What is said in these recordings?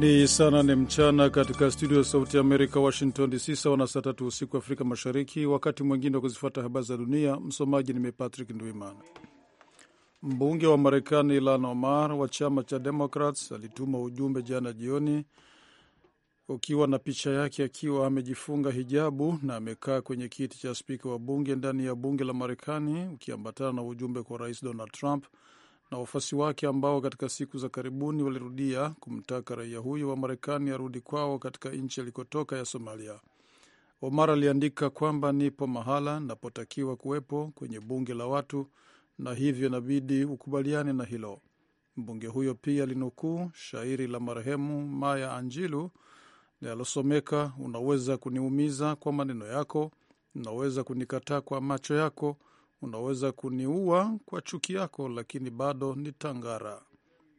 Ni saa nane mchana katika studio ya Sauti ya Amerika, Washington DC, sawa na saa tatu usiku Afrika Mashariki. Wakati mwingine wa kuzifuata habari za dunia, msomaji ni mimi Patrick Ndwimana. Mbunge wa Marekani Ilhan Omar wa chama cha Democrats alituma ujumbe jana jioni ukiwa na picha yake akiwa amejifunga hijabu na amekaa kwenye kiti cha spika wa bunge ndani ya bunge la Marekani, ukiambatana na ujumbe kwa Rais Donald Trump na wafuasi wake ambao katika siku za karibuni walirudia kumtaka raia huyo wa Marekani arudi kwao katika nchi alikotoka ya Somalia. Omar aliandika kwamba nipo mahala napotakiwa kuwepo kwenye bunge la watu, na hivyo inabidi ukubaliane na hilo. Mbunge huyo pia linukuu shairi la marehemu Maya Anjilu linalosomeka, unaweza kuniumiza kwa maneno yako, unaweza kunikataa kwa macho yako, unaweza kuniua kwa chuki yako, lakini bado ni tangara.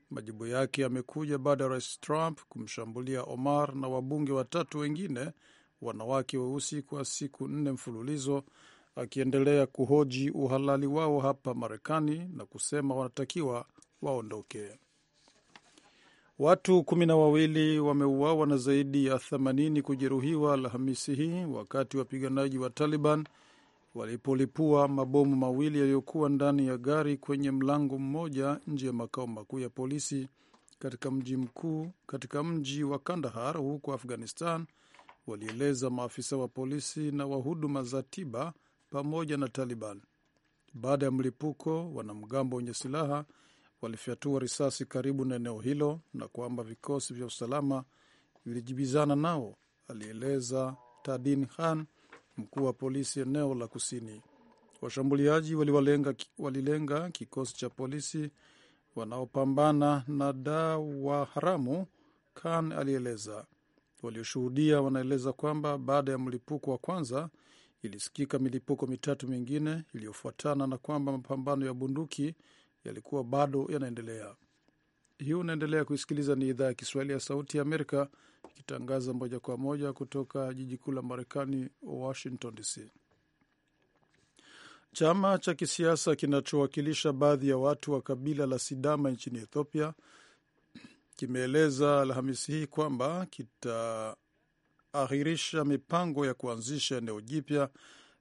Majibu yake yamekuja baada ya rais Trump kumshambulia Omar na wabunge watatu wengine wanawake weusi kwa siku nne mfululizo, akiendelea kuhoji uhalali wao hapa Marekani na kusema wanatakiwa waondoke. Watu kumi na wawili wameuawa na zaidi ya 80 kujeruhiwa Alhamisi hii wakati wapiganaji wa Taliban walipolipua mabomu mawili yaliyokuwa ndani ya gari kwenye mlango mmoja nje ya makao makuu ya polisi katika mji mkuu katika mji wa Kandahar huko Afghanistan, walieleza maafisa wa polisi na wa huduma za tiba pamoja na Taliban. Baada ya mlipuko, wanamgambo wenye silaha walifyatua risasi karibu na eneo hilo na kwamba vikosi vya usalama vilijibizana nao, alieleza Tadin Khan, mkuu wa polisi eneo la kusini. Washambuliaji waliwalenga, walilenga kikosi cha polisi wanaopambana na dawa haramu, Khan alieleza. Walioshuhudia wanaeleza kwamba baada ya mlipuko wa kwanza ilisikika milipuko mitatu mingine iliyofuatana na kwamba mapambano ya bunduki yalikuwa bado yanaendelea. Hii unaendelea kuisikiliza, ni idhaa ya Kiswahili ya Sauti ya Amerika ikitangaza moja kwa moja kutoka jiji kuu la Marekani, Washington DC. Chama cha kisiasa kinachowakilisha baadhi ya watu wa kabila la Sidama nchini Ethiopia kimeeleza Alhamisi hii kwamba kitaahirisha mipango ya kuanzisha eneo jipya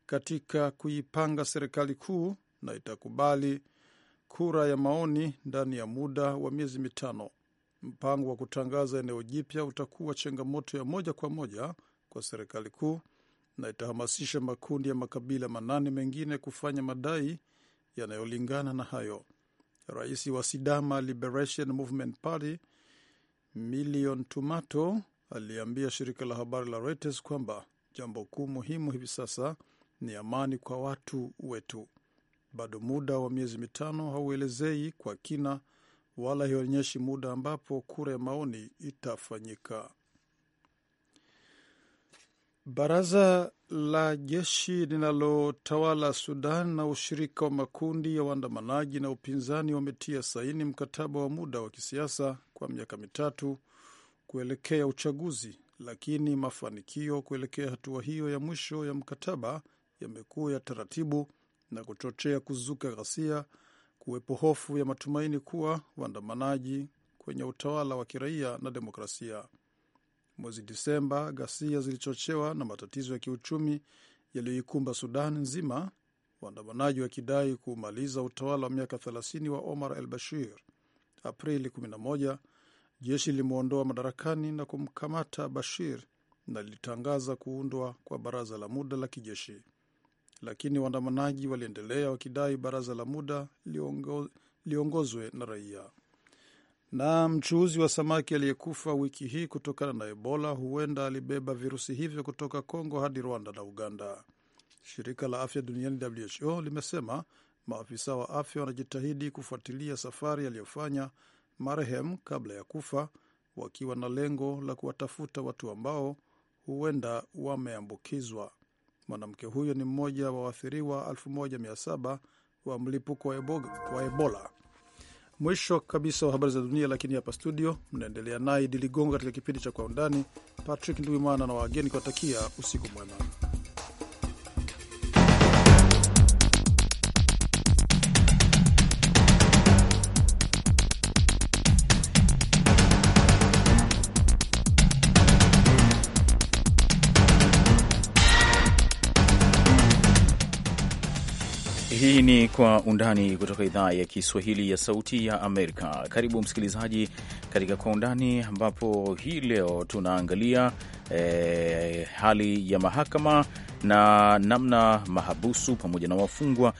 katika kuipanga serikali kuu na itakubali kura ya maoni ndani ya muda wa miezi mitano. Mpango wa kutangaza eneo jipya utakuwa changamoto ya moja kwa moja kwa serikali kuu na itahamasisha makundi ya makabila manane mengine kufanya madai yanayolingana na hayo. Rais wa Sidama Liberation Movement Party Milion Tumato aliambia shirika la habari la Reuters kwamba jambo kuu muhimu hivi sasa ni amani kwa watu wetu. Bado muda wa miezi mitano hauelezei kwa kina wala haionyeshi muda ambapo kura ya maoni itafanyika. Baraza la jeshi linalotawala Sudan na ushirika wa makundi ya waandamanaji na upinzani wametia saini mkataba wa muda wa kisiasa kwa miaka mitatu kuelekea uchaguzi, lakini mafanikio kuelekea hatua hiyo ya mwisho ya mkataba yamekuwa ya taratibu na kuchochea kuzuka ghasia, kuwepo hofu ya matumaini kuwa waandamanaji kwenye utawala wa kiraia na demokrasia. Mwezi Disemba, ghasia zilichochewa na matatizo ya kiuchumi yaliyoikumba Sudan nzima, waandamanaji wakidai kumaliza utawala wa miaka 30 wa Omar al Bashir. Aprili 11 jeshi lilimwondoa madarakani na kumkamata Bashir na lilitangaza kuundwa kwa baraza la muda la kijeshi lakini waandamanaji waliendelea wakidai baraza la muda liongozwe na raia. Na mchuuzi wa samaki aliyekufa wiki hii kutokana na Ebola huenda alibeba virusi hivyo kutoka Kongo hadi Rwanda na Uganda. Shirika la afya duniani WHO limesema maafisa wa afya wanajitahidi kufuatilia safari aliyofanya marehemu kabla ya kufa, wakiwa na lengo la kuwatafuta watu ambao huenda wameambukizwa. Mwanamke huyo ni mmoja wa waathiriwa 1700 wa mlipuko wa Ebola. Mwisho kabisa wa habari za dunia, lakini hapa studio mnaendelea naye Idi Ligongo katika kipindi cha Kwa Undani. Patrick Nduimana na wageni kuwatakia usiku mwema. Hii ni Kwa Undani kutoka idhaa ya Kiswahili ya Sauti ya Amerika. Karibu msikilizaji katika Kwa Undani, ambapo hii leo tunaangalia eh, hali ya mahakama na namna mahabusu pamoja na wafungwa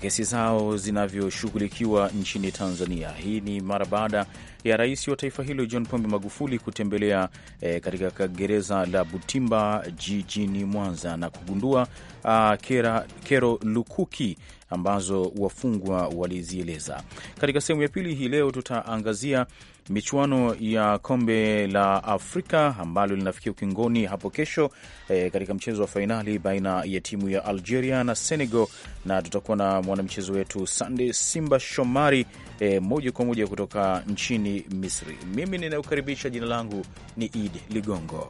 kesi zao zinavyoshughulikiwa nchini Tanzania. Hii ni mara baada ya rais wa taifa hilo John Pombe Magufuli kutembelea e, katika gereza la Butimba jijini Mwanza na kugundua a, ah, kera, kero lukuki ambazo wafungwa walizieleza. Katika sehemu ya pili hii leo tutaangazia michuano ya kombe la Afrika ambalo linafikia ukingoni hapo kesho e, katika mchezo wa fainali baina ya timu ya Algeria na Senegal, na tutakuwa na mwanamchezo wetu Sande Simba Shomari e, moja kwa moja kutoka nchini Misri. Mimi ninayokaribisha, jina langu ni Id Ligongo.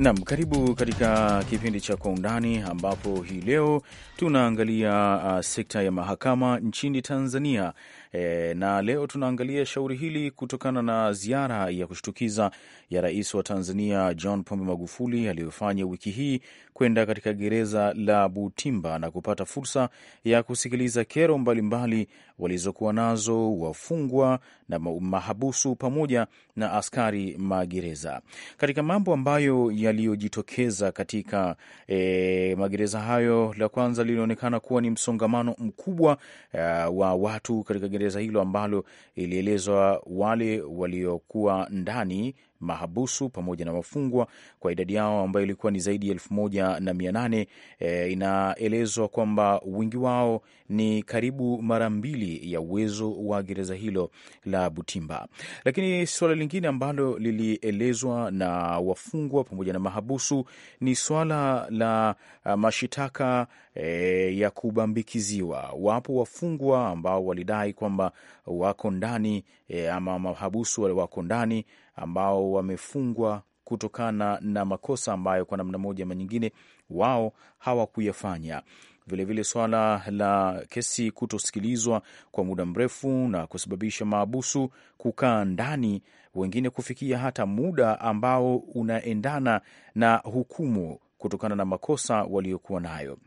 Nam, karibu katika kipindi cha Kwa Undani, ambapo hii leo tunaangalia uh, sekta ya mahakama nchini Tanzania E, na leo tunaangalia shauri hili kutokana na ziara ya kushtukiza ya rais wa Tanzania John Pombe Magufuli aliyofanya wiki hii kwenda katika gereza la Butimba na kupata fursa ya kusikiliza kero mbalimbali walizokuwa nazo wafungwa na mahabusu pamoja na askari magereza. Katika mambo ambayo yaliyojitokeza katika e, magereza hayo, la kwanza lilionekana kuwa ni msongamano mkubwa e, wa watu katika kutekeleza hilo ambalo ilielezwa wale waliokuwa ndani mahabusu pamoja na wafungwa kwa idadi yao ambayo ilikuwa ni zaidi ya elfu moja na mia nane. E, inaelezwa kwamba wingi wao ni karibu mara mbili ya uwezo wa gereza hilo la Butimba. Lakini suala lingine ambalo lilielezwa na wafungwa pamoja na mahabusu ni swala la uh, mashitaka e, ya kubambikiziwa. Wapo wafungwa ambao walidai kwamba wako ndani e, ama mahabusu wale wako ndani ambao wamefungwa kutokana na makosa ambayo kwa namna moja ama nyingine wao hawakuyafanya. Vilevile swala la kesi kutosikilizwa kwa muda mrefu na kusababisha maabusu kukaa ndani, wengine kufikia hata muda ambao unaendana na hukumu kutokana na makosa waliokuwa nayo.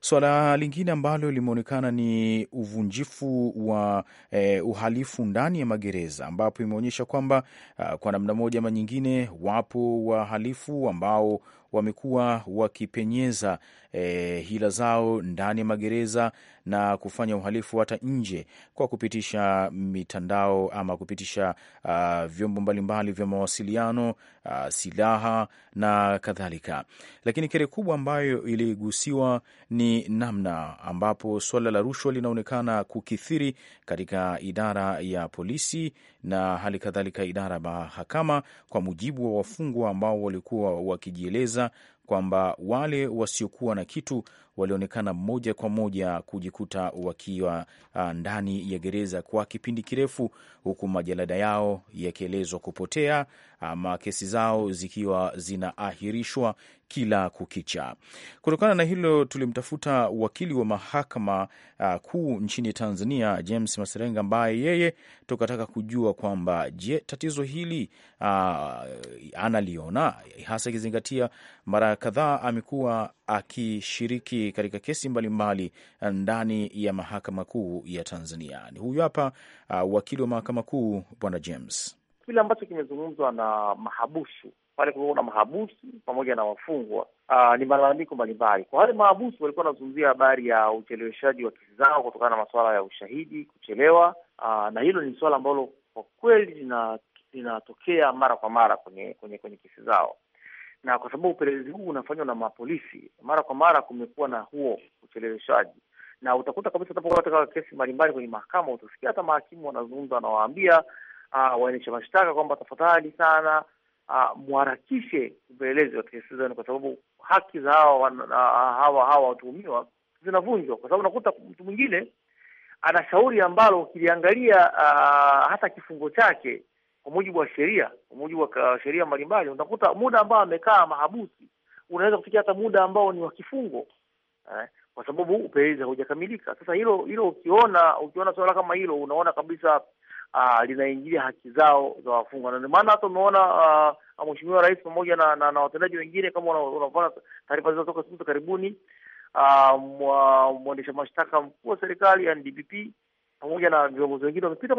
Swala lingine ambalo limeonekana ni uvunjifu wa eh, uhalifu ndani ya magereza ambapo imeonyesha kwamba uh, kwa namna moja ama nyingine wapo wahalifu ambao wamekuwa wakipenyeza e, hila zao ndani ya magereza na kufanya uhalifu hata nje kwa kupitisha mitandao ama kupitisha uh, vyombo mbalimbali vya mawasiliano uh, silaha na kadhalika. Lakini kere kubwa ambayo iligusiwa ni namna ambapo suala la rushwa linaonekana kukithiri katika idara ya polisi na hali kadhalika idara ya mahakama, kwa mujibu wa wafungwa ambao walikuwa wakijieleza kwamba wale wasiokuwa na kitu walionekana moja kwa moja kujikuta wakiwa ah, ndani ya gereza kwa kipindi kirefu, huku majalada yao yakielezwa kupotea ama kesi zao zikiwa zinaahirishwa kila kukicha. Kutokana na hilo, tulimtafuta wakili wa mahakama uh, kuu nchini Tanzania James Maserenga, ambaye yeye tukataka kujua kwamba je, tatizo hili uh, analiona hasa, ikizingatia mara kadhaa amekuwa akishiriki katika kesi mbalimbali mbali uh, ndani ya mahakama kuu ya Tanzania. Ni huyu hapa uh, wakili wa mahakama kuu bwana James. Kile ambacho kimezungumzwa na mahabusu pale kulikuwa na mahabusu pamoja na wafungwa. uh, ni malalamiko mbalimbali kwa wale mahabusu. Walikuwa wanazungumzia habari ya ucheleweshaji wa kesi zao kutokana na masuala ya ushahidi kuchelewa. uh, na hilo ni suala ambalo kwa kweli linatokea mara kwa mara kwenye kwenye kwenye kesi zao, na kwa sababu upelelezi huu unafanywa na mapolisi mara kwa mara, kumekuwa na huo ucheleweshaji na utakuta kabisa katika kesi mbalimbali kwenye mahakama utasikia hata mahakimu wanazungumza, wanawaambia ah, waendesha mashtaka kwamba tafadhali sana uh, ah, mharakishe upelelezi wa kesi kwa sababu haki za hawa ah, hawa hawa watuhumiwa zinavunjwa, kwa sababu unakuta mtu mwingine ana shauri ambalo ukiliangalia uh, hata kifungo chake kwa mujibu wa sheria, kwa mujibu wa sheria mbalimbali, unakuta muda ambao amekaa mahabusi unaweza kufikia hata muda ambao ni wa kifungo eh, kwa sababu upelelezi haujakamilika. Sasa hilo hilo ukiona ukiona suala kama hilo, unaona kabisa uh, linaingilia haki zao za wafungwa, na ndio maana hata umeona uh, Mheshimiwa Rais pamoja na, na, na watendaji wengine kama unavyoona taarifa zinazotoka siku za karibuni uh, mwendesha mashtaka mkuu wa serikali ya NDPP pamoja na viongozi wengine wamepita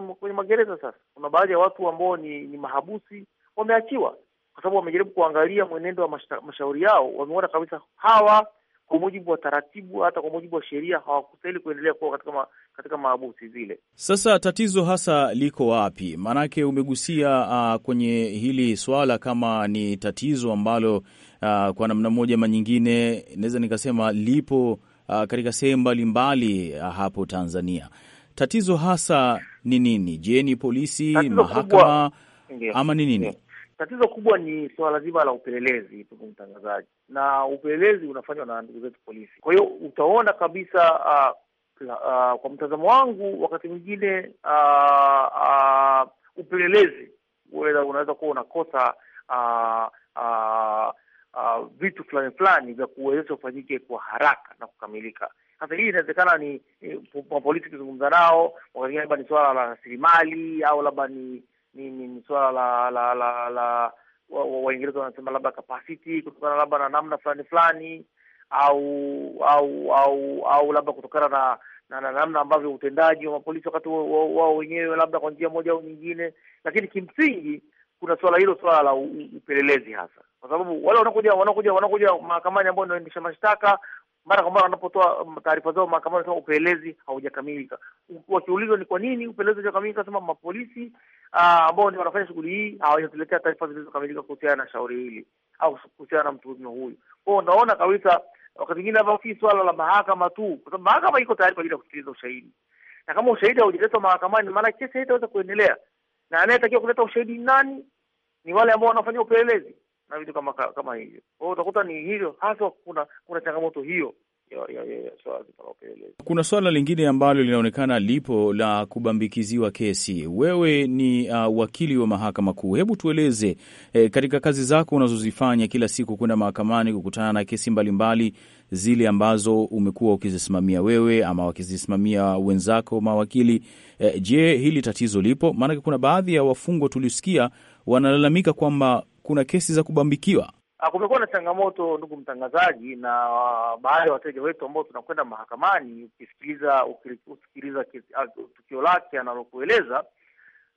kwenye magereza. Sasa kuna baadhi ya watu ambao ni, ni mahabusi wameachiwa kwa sababu wamejaribu kuangalia mwenendo wa mashita, mashauri yao, wameona kabisa hawa kwa mujibu wa taratibu hata kwa mujibu wa sheria hawakustahili kuendelea kuwa katika ma, katika maabusi zile. Sasa tatizo hasa liko wapi? Maanake umegusia uh, kwenye hili swala kama ni tatizo ambalo uh, kwa namna moja ama nyingine naweza nikasema lipo uh, katika sehemu mbalimbali uh, hapo Tanzania. Tatizo hasa ni nini? Je, ni polisi, tatizo mahakama kubwa, ama ni nini? Tatizo kubwa ni suala zima la upelelezi, ndugu mtangazaji, na upelelezi unafanywa na ndugu zetu polisi. Kwa hiyo utaona kabisa uh, Uh, kwa mtazamo wangu wakati mwingine uh, uh, upelelezi unaweza kuwa unakosa uh, uh, uh, vitu fulani fulani vya kuwezesha ufanyike kwa haraka na kukamilika. Sasa hii inawezekana ni mapolisi ukizungumza nao, wakati labda ni suala la rasilimali au labda ni ni, ni, ni suala la la la, la Waingereza wa, wa wanasema labda capacity kutokana labda na namna fulani fulani au au au au labda kutokana na na namna na na ambavyo utendaji wa mapolisi wakati wao wenyewe wa, wa, labda kwa njia moja au nyingine, lakini kimsingi kuna swala hilo, swala la upelelezi hasa, kwa sababu wale wanakuja wanakuja wanakuja mahakamani ambao wanaendesha mashtaka mara kwa mara wanapotoa taarifa zao mahakamani, wanasema upelelezi haujakamilika. Wakiulizwa ni kwa nini upelelezi haujakamilika, wanasema mapolisi ah, ambao ndio wanafanya shughuli hii hawajatuletea taarifa zilizokamilika kuhusiana na shauri hili au kuhusiana na mtuhumiwa huyu. Kwao unaona kabisa wakati mwingine hapa si swala la mahakama tu, kwa sababu mahakama iko tayari kwa ajili ya kusikiliza ushahidi, na kama ushahidi haujaletwa mahakamani, maana kesi haitaweza kuendelea, na anayetakiwa kuleta ushahidi nani? Ni wale ambao wanafanya upelelezi na vitu kama kama hivyo. Kwa hiyo utakuta ni hivyo hasa kuna kuna changamoto hiyo kuna swala lingine ambalo linaonekana lipo la kubambikiziwa kesi. Wewe ni uh, wakili wa mahakama kuu, hebu tueleze e, katika kazi zako unazozifanya kila siku, kwenda mahakamani kukutana na kesi mbalimbali mbali, zile ambazo umekuwa ukizisimamia wewe ama wakizisimamia wenzako mawakili e, je, hili tatizo lipo? Maanake kuna baadhi ya wafungwa tulisikia wanalalamika kwamba kuna kesi za kubambikiwa. Ah, kumekuwa na changamoto ndugu mtangazaji, na ah, baadhi ya wateja wetu ambao tunakwenda mahakamani, ukisikiliza ukisikiliza ah, tukio lake analokueleza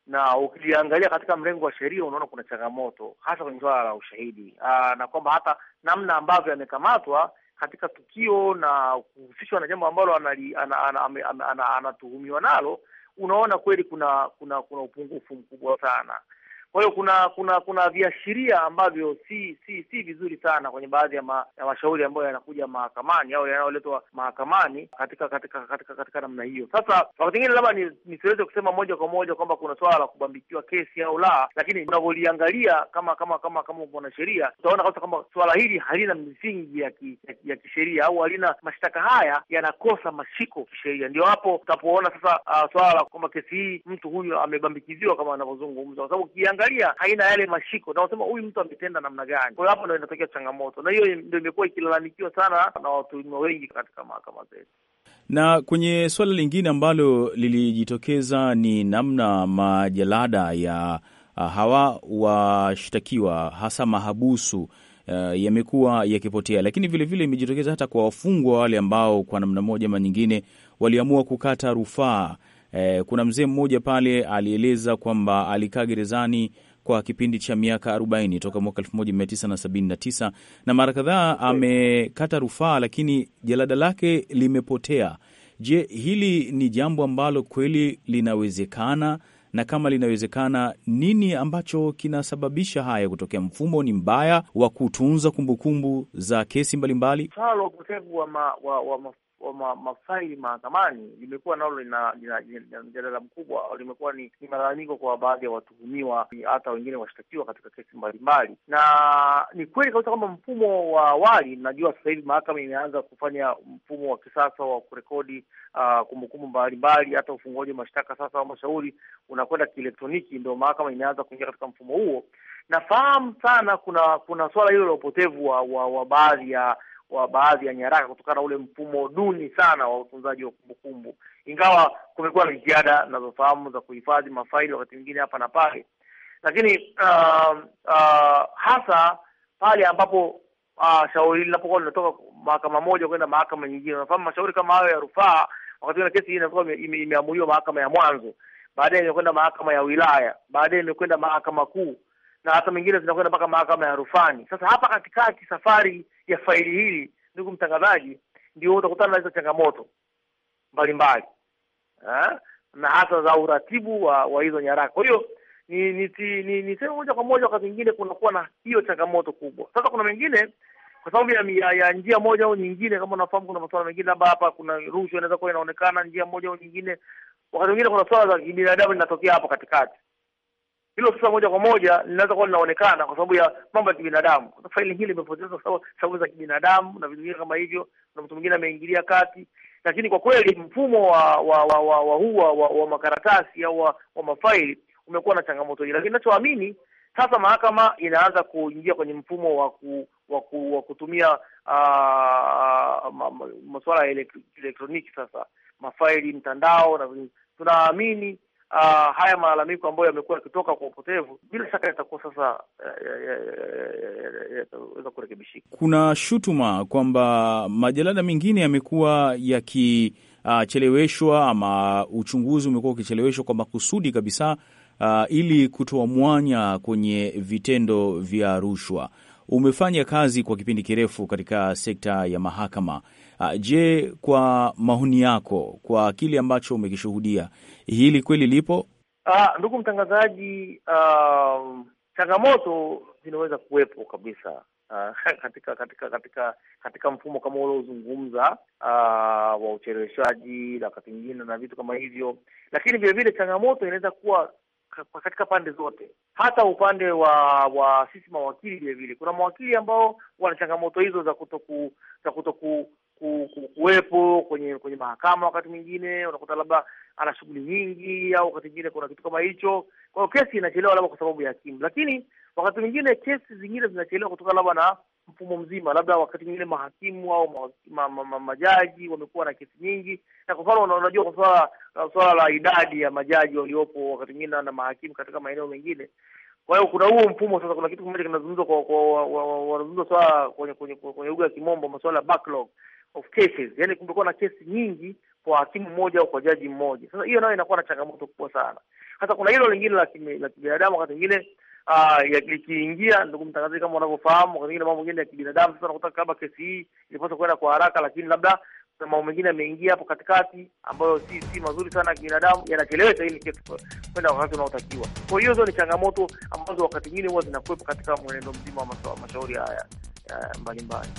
na ukiliangalia katika mrengo wa sheria, unaona kuna changamoto hasa kwenye suala la ushahidi aa, na kwamba hata namna ambavyo amekamatwa katika tukio na kuhusishwa na jambo ambalo anatuhumiwa nalo, unaona kweli kuna kuna kuna upungufu mkubwa sana. Kwa hiyo kuna kuna kuna viashiria ambavyo si si si vizuri sana kwenye baadhi ya, ma, ya mashauri ambayo yanakuja mahakamani au yanayoletwa mahakamani katika katika katika katika namna hiyo. Sasa wakati mwingine labda nisiweze ni kusema moja kwa moja kwamba kuna swala la kubambikiwa kesi au la, lakini unavyoliangalia kama kama kama kama mwanasheria utaona kabisa kwamba swala hili halina misingi ya ki, ya, ya kisheria au halina mashtaka haya yanakosa mashiko kisheria. Ndio hapo utapoona sasa uh, swala la kwamba kesi hii mtu huyu amebambikiziwa kama anavyozungumza kwa sababu ukiangalia aina yale mashiko na unasema huyu mtu ametenda namna gani. Kwa hiyo hapo ndo inatokea changamoto, na hiyo ndio imekuwa ikilalamikiwa sana na watuhumiwa wengi katika mahakama zetu. Na kwenye suala lingine ambalo lilijitokeza ni namna majalada ya ah, hawa washtakiwa hasa mahabusu Uh, yamekuwa yakipotea, lakini vilevile imejitokeza hata kwa wafungwa wale ambao kwa namna moja ama nyingine waliamua kukata rufaa E, kuna mzee mmoja pale alieleza kwamba alikaa gerezani kwa kipindi cha miaka 40 toka mwaka 1979 na, na mara kadhaa amekata rufaa, lakini jalada lake limepotea. Je, hili ni jambo ambalo kweli linawezekana? Na kama linawezekana, nini ambacho kinasababisha haya kutokea? Mfumo ni mbaya wa kutunza kumbukumbu za kesi mbalimbali. wa, wa, wa, wa mafaili mahakamani limekuwa nalo lina mjadala mkubwa, limekuwa ni malalamiko kwa baadhi ya watuhumiwa, hata wengine washtakiwa katika kesi mbalimbali. Na ni kweli kabisa kwamba mfumo wa awali, najua sasa hivi mahakama imeanza kufanya mfumo wa kisasa wa kurekodi uh, kumbukumbu mbalimbali, hata ufunguaji wa mashtaka sasa wa mashauri unakwenda kielektroniki, ndio mahakama imeanza kuingia katika mfumo huo. Nafahamu sana kuna kuna suala hilo la upotevu wa, wa, wa baadhi ya wa baadhi ya nyaraka kutokana na ule mfumo duni sana wa utunzaji wa kumbukumbu. Ingawa kumekuwa na jitihada nazofahamu za kuhifadhi mafaili wakati mwingine hapa na pale, lakini uh, uh, hasa pale ambapo uh, shauri linapokuwa linatoka mahakama moja kwenda mahakama nyingine. Unafahamu mashauri kama hayo ya rufaa, wakati na kesi hii inakuwa imeamuliwa mahakama ya mwanzo, baadaye imekwenda mahakama ya wilaya, baadaye imekwenda mahakama kuu na hata mengine zinakwenda mpaka mahakama ya rufani. Sasa hapa katikati safari ya faili hili, ndugu mtangazaji, ndio utakutana na hizo changamoto mbalimbali na hata za uratibu wa, wa hizo nyaraka. Kwa hiyo ni niseme ni, ni, ni moja kwa moja, wakati mwingine kunakuwa na hiyo changamoto kubwa. Sasa kuna mengine kwa sababu ya, ya, ya njia moja au nyingine, kama unafahamu, kuna masuala mengine labda hapa kuna rushwa inaweza kuwa inaonekana njia moja au nyingine. Wakati mwingine kuna swala za kibinadamu linatokea hapo katikati, hilo sasa moja kwa moja linaweza kuwa linaonekana kwa sababu ya mambo ya kibinadamu. Faili hili limepotezwa kwa sababu za kibinadamu na vitu vingine kama hivyo, na mtu mwingine ameingilia kati, lakini kwa kweli mfumo wa wa wa wa, wa, wa, wa, wa makaratasi au wa, wa mafaili umekuwa na changamoto hii, lakini ninachoamini sasa mahakama inaanza kuingia kwenye mfumo wa ku, wa, ku, wa kutumia masuala ya elektroniki, sasa mafaili mtandao, na tunaamini uh, haya malalamiko ambayo yamekuwa yakitoka kwa upotevu, bila shaka yatakuwa sasa eh, eh, eh, yataweza kurekebishika. Kuna shutuma kwamba majalada mengine yamekuwa yakicheleweshwa, uh, ama uchunguzi umekuwa ukicheleweshwa kwa makusudi kabisa, uh, ili kutoa mwanya kwenye vitendo vya rushwa. Umefanya kazi kwa kipindi kirefu katika sekta ya mahakama. Ah, je, kwa maoni yako, kwa kile ambacho umekishuhudia, hili kweli lipo? Ah, ndugu mtangazaji, uh, changamoto zinaweza kuwepo kabisa. Uh, katika katika katika katika mfumo kama uliozungumza uh, wa ucheleweshaji na wakati mwingine na vitu kama hivyo, lakini vilevile changamoto inaweza kuwa katika pande zote, hata upande wa wa sisi mawakili. vilevile kuna mawakili ambao wana changamoto hizo za kutoku za kutoku kuwepo kwenye kwenye mahakama. Wakati mwingine unakuta labda ana shughuli nyingi, au wakati mwingine kuna kitu kama hicho. Kwa hiyo kesi inachelewa labda kwa sababu ya hakimu, lakini wakati mwingine kesi zingine zinachelewa kutoka labda na mfumo mzima, labda wakati mwingine mahakimu au ma, ma, ma, majaji wamekuwa na kesi nyingi, na kwa mfano unajua, kwa swala swala la idadi ya majaji waliopo wakati mwingine na mahakimu katika maeneo mengine. Kwa hiyo kuna huo mfumo sasa. Kuna kitu kimoja kinazungumzwa kwa kwa, kwa, kwa, kwa, kwenye lugha ya Kimombo, masuala ya backlog of cases, yani kumekuwa na kesi nyingi kwa hakimu mmoja au kwa jaji mmoja. Sasa hiyo nayo inakuwa na changamoto kubwa sana. Sasa kuna hilo lingine la kibinadamu, wakati mwingine ah, likiingia, ndugu mtangazaji, kama unavyofahamu, wakati mwingine mambo mengine ya kibinadamu. Sasa unakuta kama kesi hii ilipaswa kuenda kwa haraka, lakini labda kuna mambo mengine yameingia hapo katikati ambayo si si mazuri sana kibinadamu, yanachelewesha ili kesi kwenda wakati unaotakiwa. Kwa hiyo hizo ni changamoto ambazo wakati mwingine huwa zinakuwepo katika mwenendo mzima wa mashauri haya eh, mbalimbali.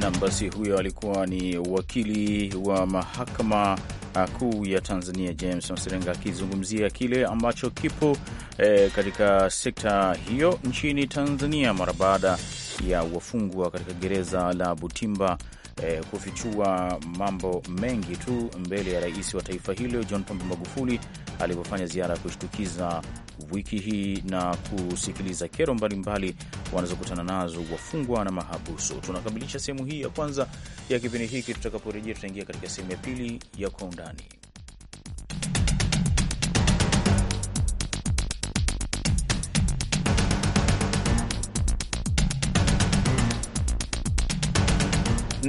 Nam, basi huyo alikuwa ni wakili wa mahakama uh, kuu ya Tanzania James Mserenga akizungumzia kile ambacho kipo eh, katika sekta hiyo nchini Tanzania mara baada ya wafungwa katika gereza la Butimba eh, kufichua mambo mengi tu mbele ya rais wa taifa hilo John Pombe Magufuli alipofanya ziara ya kushtukiza wiki hii na kusikiliza kero mbalimbali wanazokutana nazo wafungwa na mahabusu. Tunakamilisha sehemu hii ya kwanza ya kipindi hiki. Tutakaporejea, tutaingia katika sehemu ya pili ya kwa undani.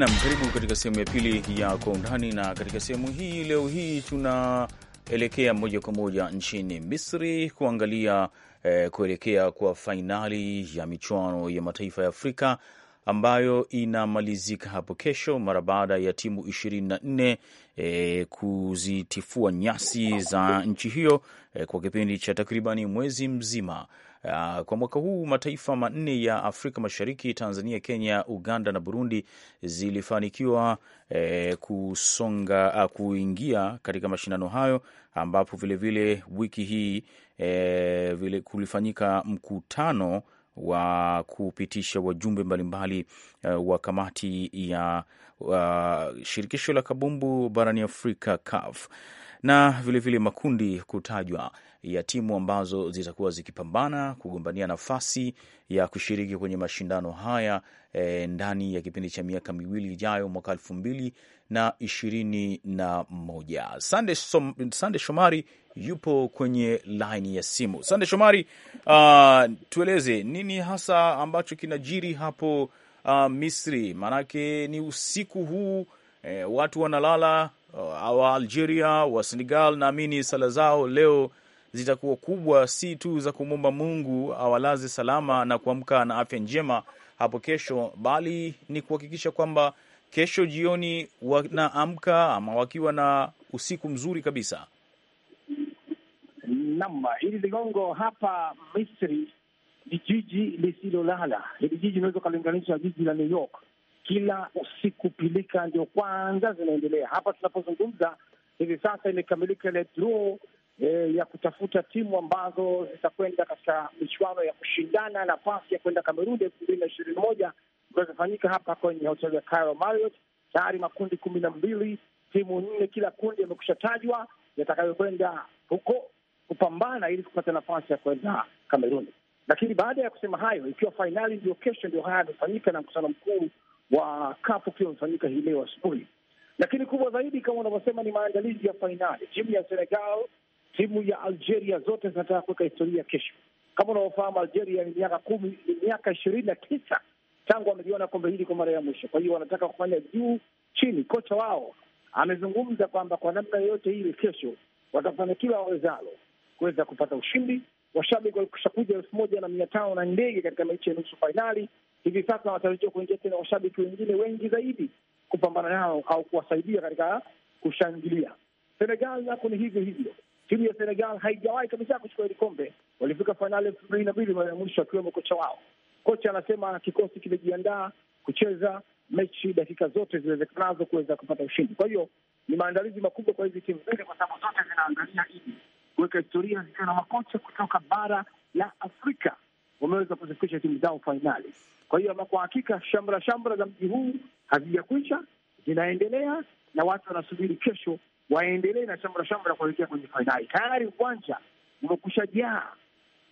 Nam, karibu katika sehemu ya pili ya Kwa Undani, na katika sehemu hii leo hii tunaelekea moja kwa moja nchini Misri kuangalia eh, kuelekea kwa fainali ya michuano ya mataifa ya Afrika ambayo inamalizika hapo kesho mara baada ya timu ishirini na nne eh, kuzitifua nyasi za nchi hiyo eh, kwa kipindi cha takribani mwezi mzima. Uh, kwa mwaka huu mataifa manne ya Afrika Mashariki, Tanzania, Kenya, Uganda na Burundi zilifanikiwa eh, kusonga uh, kuingia katika mashindano hayo, ambapo vilevile vile wiki hii eh, vile kulifanyika mkutano wa kupitisha wajumbe mbalimbali uh, wa kamati ya uh, shirikisho la kabumbu barani Afrika CAF na vilevile vile makundi kutajwa ya timu ambazo zitakuwa zikipambana kugombania nafasi ya kushiriki kwenye mashindano haya e, ndani ya kipindi cha miaka miwili ijayo mwaka elfu mbili na ishirini na moja. Sande, som, Sande Shomari yupo kwenye laini ya simu. Sande Shomari, uh, tueleze nini hasa ambacho kinajiri hapo uh, Misri, maanake ni usiku huu eh, watu wanalala Uh, wa Algeria, wa Senegal, naamini sala zao leo zitakuwa kubwa, si tu za kumwomba Mungu awalaze salama na kuamka na afya njema hapo kesho, bali ni kuhakikisha kwamba kesho jioni wanaamka ama wakiwa na usiku mzuri kabisa. nam hili ligongo hapa Misri ni jiji lisilolala. Hili jiji unaweza ukalinganisha jiji la New York kila usiku, pilika ndio kwanza zinaendelea. Hapa tunapozungumza hivi sasa imekamilika ile draw e, ya kutafuta timu ambazo zitakwenda katika michuano ya kushindana nafasi ya kwenda Kameruni elfu mbili na ishirini na moja ambayo hapa kwenye hoteli ya Cairo Marriott. Tayari makundi kumi na mbili, timu nne kila kundi yamekusha tajwa yatakayokwenda huko kupambana ili kupata nafasi ya kwenda Kameruni. Lakini baada ya kusema hayo, ikiwa fainali ndio kesho, ndio haya yamefanyika na mkutano mkuu wa CAF ukiwa umefanyika hii leo asubuhi. Lakini kubwa zaidi kama unavyosema ni maandalizi ya fainali. Timu ya Senegal, timu ya Algeria zote zinataka kuweka historia kesho. Kama unavyofahamu, Algeria ni miaka kumi, ni miaka ishirini na tisa tangu wameliona kombe hili kwa mara ya mwisho. Kwa hiyo wanataka kufanya juu chini. Kocha wao amezungumza kwamba kwa namna yoyote ile kesho watafanya kila wawezalo kuweza kupata ushindi. Washabiki kuja elfu moja na mia tano na ndege katika mechi ya nusu fainali hivi sasa wanatarajiwa kuingia tena washabiki wengine wengi zaidi kupambana nao au kuwasaidia katika kushangilia. Senegal nako ni hivyo hivyo. Timu ya Senegal haijawahi kabisa kuchukua hili kombe, walifika fainali elfu mbili na mbili mara ya mwisho, akiwemo kocha wao. Kocha anasema kikosi kimejiandaa kucheza mechi dakika zote ziwezekanazo kuweza kupata ushindi. Kwa hiyo ni maandalizi makubwa kwa hizi timu mbili, kwa sababu zote zinaangalia ili kuweka historia, zikiwa na makocha kutoka bara la Afrika wameweza kuzifikisha timu zao fainali. Kwa hiyo ama kwa hakika, shamra shamra za mji huu hazijakwisha, zinaendelea na watu wanasubiri kesho waendelee na shamra shamra kuelekea kwenye fainali. Tayari uwanja umekusha jaa,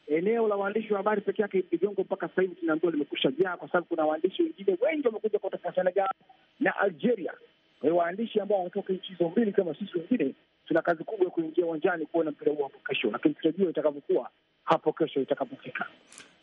eneo la waandishi wa habari peke yake Ligongo mpaka sasa hivi tunaambiwa limekusha jaa, kwa sababu kuna waandishi wengine wengi wamekuja kutoka Senegal na Algeria kwa hiyo waandishi ambao wanatoka nchi hizo mbili kama sisi wengine, tuna kazi kubwa ya kuingia uwanjani kuona mpira huo hapo kesho, lakini tutajua itakavyokuwa hapo kesho itakapofika.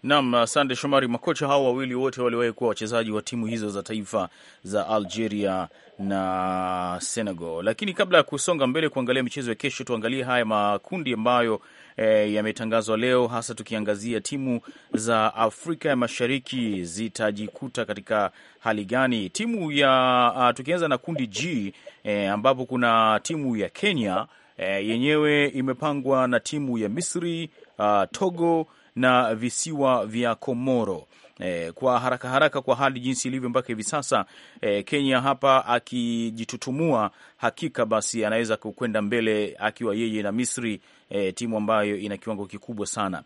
Naam, asante Shomari. Makocha hao wawili wote waliwahi kuwa wachezaji wa timu hizo za taifa za Algeria na Senegal. Lakini kabla ya kusonga mbele kuangalia michezo ya kesho, tuangalie haya makundi ambayo e, yametangazwa leo, hasa tukiangazia timu za Afrika ya Mashariki zitajikuta katika hali gani. Timu ya a, tukianza na kundi G e, ambapo kuna timu ya Kenya e, yenyewe imepangwa na timu ya Misri a, Togo na visiwa vya Komoro. E, kwa haraka haraka kwa hali jinsi ilivyo mpaka hivi sasa e, Kenya hapa akijitutumua, hakika basi anaweza kukwenda mbele akiwa yeye na Misri e, timu ambayo ina kiwango kikubwa sana.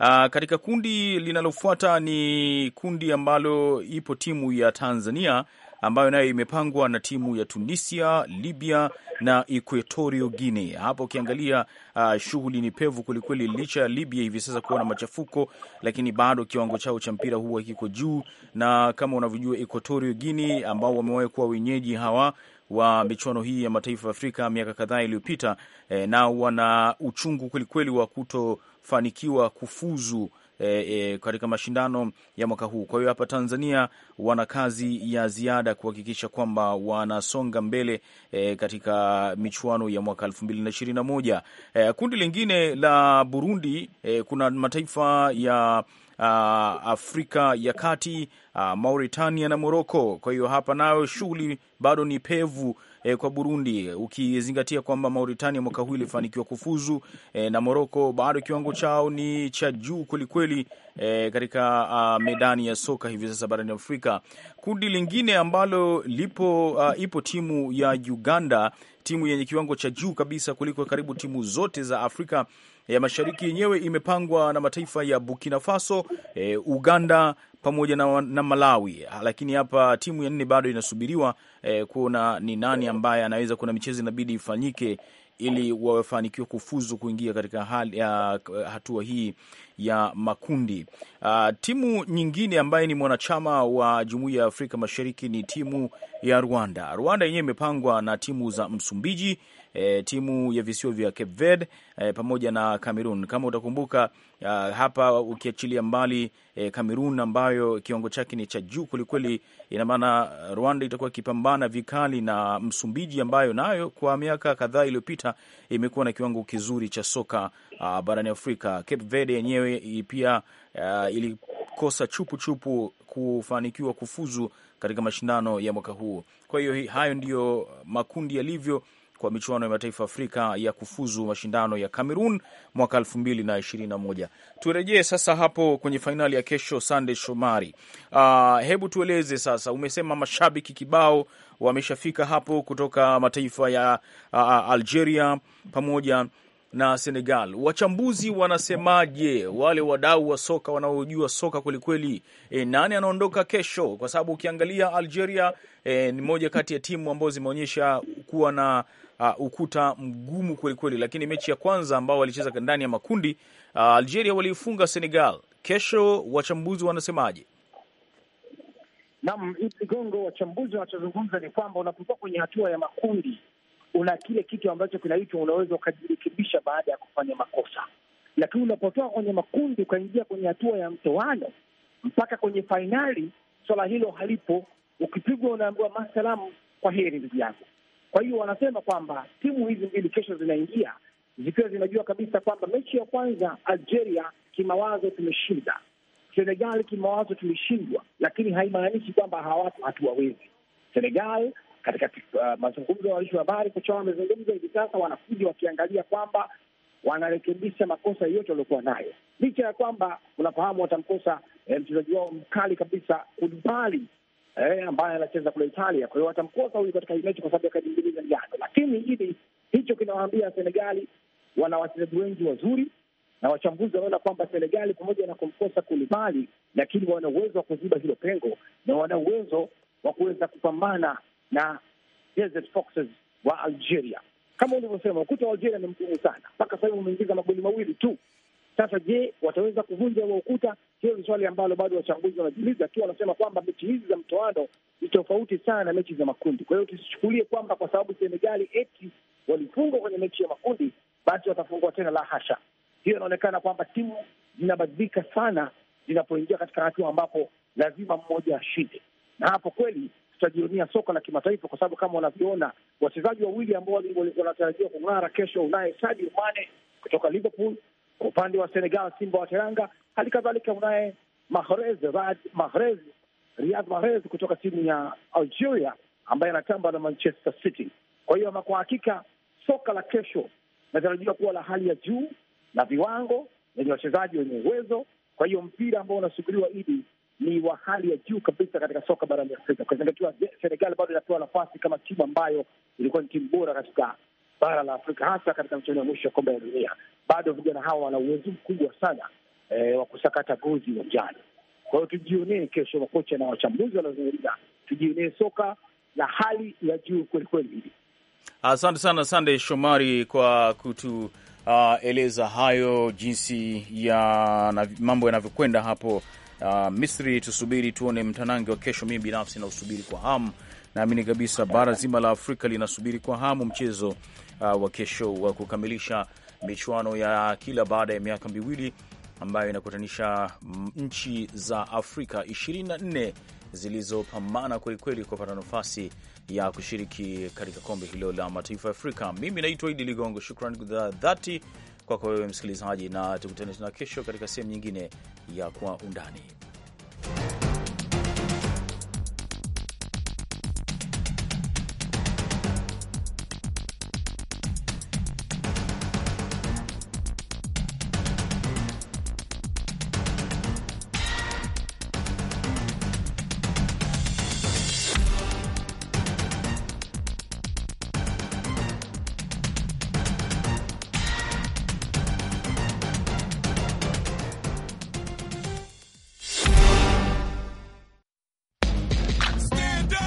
Aa, katika kundi linalofuata ni kundi ambalo ipo timu ya Tanzania ambayo nayo imepangwa na timu ya Tunisia, Libya na Equatorio Guinea. Hapo ukiangalia uh, shughuli ni pevu kwelikweli, licha ya Libya hivi sasa kuwa na machafuko, lakini bado kiwango chao cha mpira huwa kiko juu, na kama unavyojua Equatorio Guinea ambao wamewahi kuwa wenyeji hawa wa michuano hii ya mataifa ya Afrika miaka kadhaa iliyopita, e, na wana uchungu kwelikweli wa kutofanikiwa kufuzu e, e, katika mashindano ya mwaka huu. Kwa hiyo hapa Tanzania wana kazi ya ziada kuhakikisha kwamba wanasonga mbele e, katika michuano ya mwaka elfu mbili na ishirini na moja. E, kundi lingine la Burundi e, kuna mataifa ya a, ah, Afrika ya Kati a, ah, Mauritania na Moroko. Kwa hiyo hapa nayo shughuli bado ni pevu e, kwa Burundi ukizingatia kwamba Mauritania mwaka huu ilifanikiwa kufuzu e, na Moroko bado kiwango chao ni cha juu kwelikweli e, katika uh, medani ya soka hivi sasa barani Afrika. Kundi lingine ambalo lipo uh, ipo timu ya Uganda, timu yenye kiwango cha juu kabisa kuliko karibu timu zote za Afrika ya Mashariki. Yenyewe imepangwa na mataifa ya Burkina Faso, e, Uganda pamoja na, na Malawi, lakini hapa timu ya nne bado inasubiriwa e, kuona ni nani ambaye anaweza. Kuna michezo inabidi ifanyike ili wawefanikiwa kufuzu kuingia katika hali ya hatua hii ya makundi. Uh, timu nyingine ambaye ni mwanachama wa Jumuiya ya Afrika Mashariki ni timu ya Rwanda. Rwanda yenyewe imepangwa na timu za Msumbiji, e, timu ya visiwa vya Cape Verde e, pamoja na Cameroon. Kama utakumbuka uh, hapa ukiachilia mbali e, Cameroon ambayo kiwango chake ni cha juu kwelikweli, ina maana Rwanda itakuwa ikipambana vikali na Msumbiji ambayo nayo kwa miaka kadhaa iliyopita imekuwa na kiwango kizuri cha soka uh, barani Afrika. Cape Verde yenyewe pia uh, ilikosa chupu chupu kufanikiwa kufuzu katika mashindano ya mwaka huu. Kwa hiyo hayo ndiyo makundi yalivyo kwa michuano ya mataifa Afrika ya kufuzu mashindano ya Cameroon mwaka elfu mbili na ishirini na moja. Turejee sasa hapo kwenye fainali ya kesho. Sande Shomari, uh, hebu tueleze sasa, umesema mashabiki kibao wameshafika hapo kutoka mataifa ya uh, Algeria pamoja na Senegal. Wachambuzi wanasemaje? Wale wadau wa soka wanaojua soka kwelikweli, e, eh, nani anaondoka kesho? Kwa sababu ukiangalia Algeria e, ni moja kati ya timu ambazo zimeonyesha kuwa na uh, ukuta mgumu kwelikweli, lakini mechi ya kwanza ambao walicheza ndani ya makundi uh, Algeria waliifunga Senegal. Kesho wachambuzi wanasemaje? Naam, Ligongo, wachambuzi wanachozungumza ni kwamba unapokuwa kwenye hatua ya makundi una kile kitu ambacho kinaitwa unaweza ukajirekebisha baada ya kufanya makosa, lakini unapotoka kwenye makundi ukaingia kwenye hatua ya mtoano mpaka kwenye fainali, swala hilo halipo. Ukipigwa unaambiwa masalamu, kwa heri ndugu yangu. Kwa hiyo wanasema kwamba timu hizi mbili kesho zinaingia zikiwa zinajua kabisa kwamba mechi ya kwanza Algeria kimawazo tumeshinda, Senegal kimawazo tumeshindwa, lakini haimaanishi kwamba watu hatuwawezi. Senegal katika uh, mazungumzo ya waandishi wa habari wao wamezungumza hivi sasa, wanakuja wakiangalia kwamba wanarekebisha makosa yote waliokuwa nayo, licha ya kwamba unafahamu watamkosa eh, mchezaji wao mkali kabisa Kulibali eh, ambaye anacheza kule Italia. Kwa hiyo watamkosa huyu katika hii mechi kwa sababu ya kadi mbili za njano, lakini hili hicho kinawaambia Senegali wana wachezaji wengi wazuri na wachambuzi wanaona kwamba Senegali pamoja na kumkosa Kulibali, lakini wana uwezo wa kuziba hilo pengo na wana uwezo wa kuweza kupambana na Desert Foxes wa Algeria. Kama ulivyosema, ukuta wa Algeria ni mgumu sana, mpaka sasa hivi umeingiza magoli mawili tu. Sasa je, wataweza kuvunja huo ukuta? Hilo ni swali ambalo bado wachambuzi wanajiuliza tu. Wanasema kwamba mechi hizi za mtoano ni tofauti sana na mechi za makundi. Kwa hiyo tusichukulie kwamba kwa sababu Senegali eti walifungwa kwenye mechi ya makundi basi watafungwa tena, la hasha. Hiyo inaonekana kwamba timu zinabadilika sana zinapoingia katika hatua ambapo lazima mmoja ashinde, na hapo kweli tutajionia soka la kimataifa, kwa sababu kama wanavyoona wachezaji wawili ambao wanatarajiwa kung'ara kesho, unaye Sadio Mane kutoka Liverpool kwa upande wa Senegal, Simba wa Teranga, hali kadhalika unaye Mahrez Mahrez Riyad Mahrez kutoka timu ya Algeria ambaye anatamba na Manchester City. Kwa hiyo ama kwa hakika soka la kesho natarajiwa kuwa la hali ya juu na viwango lenye wachezaji wenye uwezo. Kwa hiyo mpira ambao unasubiriwa idi ni wa hali ya juu kabisa katika soka barani Afrika, ukizingatiwa Senegal bado inapewa nafasi kama timu ambayo ilikuwa ni timu bora katika bara la Afrika, hasa katika mchezo wa mwisho wa kombe la dunia. Bado vijana hawa wana uwezo mkubwa sana e, wa kusakata gozi uwanjani. Kwa hiyo tujionee kesho, makocha na wachambuzi wanazungumza, tujionee soka la hali ya juu kwelikweli hili. Asante sana Sande Shomari kwa kutu Uh, eleza hayo jinsi ya na, mambo yanavyokwenda hapo uh, Misri. Tusubiri tuone mtanange wa kesho. Mimi binafsi nausubiri kwa hamu, naamini kabisa bara zima la Afrika linasubiri kwa hamu mchezo uh, wa kesho wa kukamilisha michuano ya kila baada ya miaka miwili ambayo inakutanisha mm, nchi za Afrika 24 zilizopambana kwelikweli kupata nafasi ya kushiriki katika kombe hilo la mataifa ya Afrika. Mimi naitwa Idi Ligongo, shukrani dhati kwako wewe msikilizaji, na tukutane tena kesho katika sehemu nyingine ya Kwa Undani.